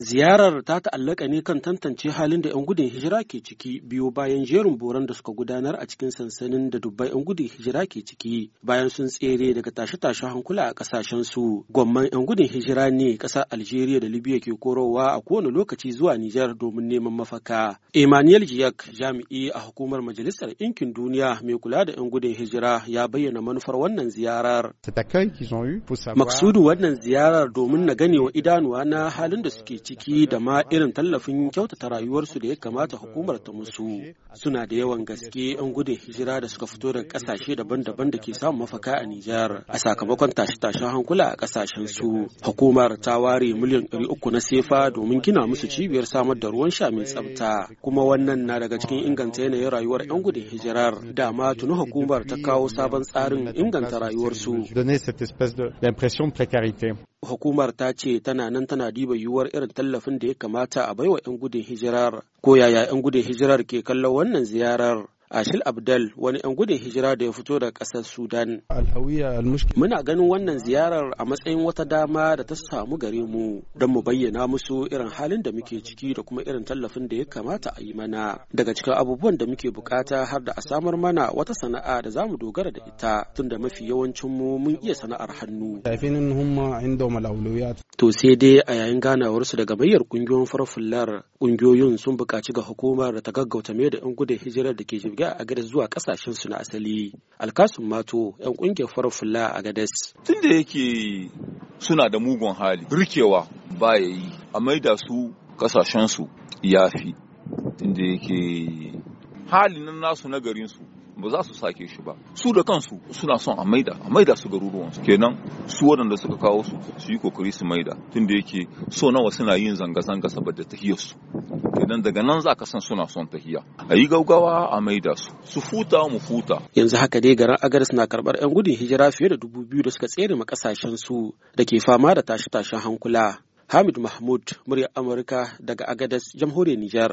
Ziyarar ta ta'allaka ne kan tantance halin da 'yan gudun hijira ke ciki biyu bayan jerin boran da suka gudanar a cikin sansanin da dubbai 'yan gudun hijira ke ciki bayan sun tsere daga tashe-tashe hankula a kasashen su. Gwamman 'yan gudun hijira ne ƙasar Algeria da Libya ke korowa a kowane lokaci zuwa Nijar domin neman mafaka. Emmanuel Jiyak jami'i a hukumar Majalisar Ɗinkin Duniya mai kula da 'yan gudun hijira ya bayyana manufar wannan ziyarar. Maksudu wannan ziyarar domin na wa idanuwa na halin da suke ciki da ma irin tallafin kyautata rayuwarsu da ya kamata hukumar ta musu suna da yawan gaske 'yan gudun hijira da suka fito daga kasashe daban-daban da ke samun mafaka a Nijar a sakamakon tashe-tashen hankula a kasashen su hukumar ta ware miliyan 300 na sefa domin gina musu cibiyar samar da ruwan sha mai tsafta kuma wannan na daga cikin inganta yanayin rayuwar 'yan gudun hijirar da ma tuni hukumar ta kawo sabon tsarin inganta rayuwarsu. hukumar ta ce tana nan tana diba yiwuwar irin tallafin da ya kamata a baiwa 'yan gudun hijirar ko yaya 'yan gudun hijirar ke kallon wannan ziyarar Ashil Abdal wani 'yan gudun hijira da ya fito daga ƙasar Sudan. Muna ganin wannan ziyarar a matsayin wata dama da ta samu gare mu don mu bayyana musu irin halin da muke ciki da kuma irin tallafin da ya kamata a yi mana. Daga cikin abubuwan da muke bukata har da a samar mana wata sana'a da za mu dogara da ita tun da mafi yawancin mu mun iya sana'ar hannu. To sai dai a yayin ganawarsu daga mayyar kungiyoyin farfullar Ƙungiyoyin sun buƙaci ga hukumar da ta gaggauta mai da 'yan gudun hijirar da ke jirga a Agadez zuwa ƙasashensu na asali. Alkasun Mato, 'yan ƙungiyar farar fulla a gadas Tun da yake suna da mugun hali, rikewa ba ya yi, a maida su ƙasashensu ya fi. Tun da yake hali na nasu na garinsu ba za su sake shi ba su da kansu suna son a maida a maida su su kenan su wadanda suka kawo su su yi kokari su maida tunda yake so nawa suna yin zanga-zanga saboda tahiyar su kenan daga nan za ka san suna son tahiya a yi gaugawa a maida su su futa mu futa yanzu haka dai garin agaris na karɓar 'yan gudun hijira fiye da dubu biyu da suka tsere ma kasashen su da ke fama da tashe-tashen hankula Hamid Mahmud, murya Amurka daga Agadez, jamhuriyar Nijar.